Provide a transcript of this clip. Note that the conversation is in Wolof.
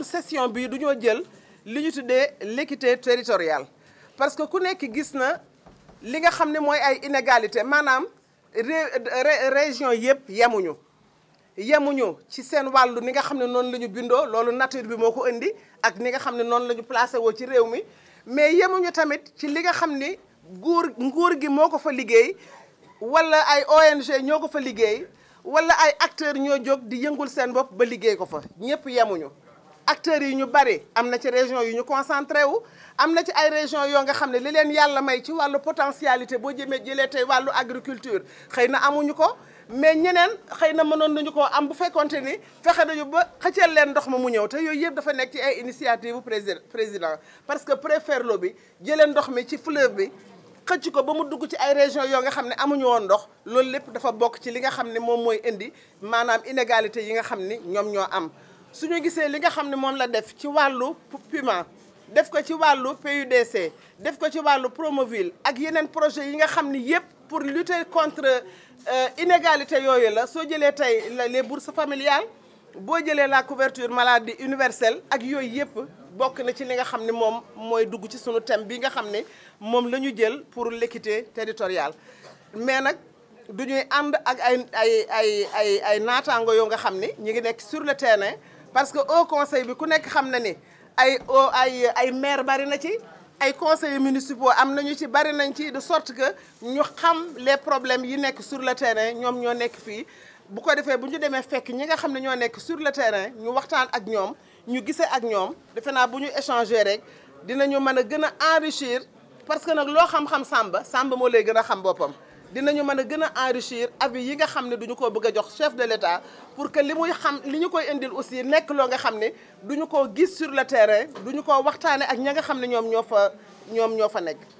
pour session bi du ñoo jël li ñu tuddee l'équité territoriale parce que ku nekk gis na li nga xam ne mooy ay inégalité maanaam région yëpp yemuñu yemuñu ci seen wàllu ni nga xam ne noonu lañu bindoo loolu nature bi moo ko indi ak ni nga xam ne noonu la ñu placé woo ci réew mi mais yemuñu tamit ci li nga xam ni nguur nguur gi moo ko fa liggéey walla ay ONG ñoo ko fa liggéey wala ay acteurs ñoo jóg di yëngul seen bopp ba liggéey ko fa ñëpp yemuñu acteurs yi ñu bari amna ci région yi ñu concentré wu amna ci ay région yo nga xamné ne li leen yàlla may ci walu potentialité bo jëmee jëlé tay walu agriculture xeyna amuñu ko mais ñeneen xeyna mënon mënoon nañu koo am bu fekkonté ni fexé nañu ba xëcceel leen ndox ma mu ñëw té yoy yëpp dafa nekk ci ay initiative bu président parce que Preferlo bi jëlee ndox mi ci fleuve bi xëcc ko ba mu dugg ci ay région yo nga xamné amuñu woon ndox loolu lépp dafa bok ci li nga xamné mom moy indi manam inégalité yi nga xamné ñom ñoo am suñu gisee li nga xam ne moom la def ci wàllu piment def ko ci wàllu PUDC def ko ci wàllu Promoville ak yeneen projet yi nga xam ni yëpp pour lutter contre euh, inégalité yooyu la soo jëlee tey les bourses familiales boo jëlee la couverture maladie universelle ak yooyu yëpp bokk na ci li nga xam ne moom mooy dugg ci sunu thème bi nga xam ni moom la ñu jël pour l'équité territoriale mais nag du ñuy ànd ak ay ay ay ay ay naataango yoo nga xam ni ñu ngi nekk sur le terrain parce que au conseil bi ku maire bari na conseillers municipaux am nañu ci de sorte que nous xam les problèmes sur le terrain nous sont nekk fii bu ko choses bu ñu nous fekk ñi sur le terrain nous waxtaan ak ñoom nous on ak fait defe nous bu ñu échanger rek dinañu on a enrichir parce que nous avons xam-xam Samba Samba moo lay Samba dinañu mën a gën a enrichir abi yi nga xam ne duñu ko bëgg a jox chef de l'État pour que li muy xam li ñu koy indil aussi nekk loo nga xam ne duñu ko gis sur le terrain ñu ko waxtaane ak ña nga xam ne ñoom ñoo fa ñoom ñoo fa nekk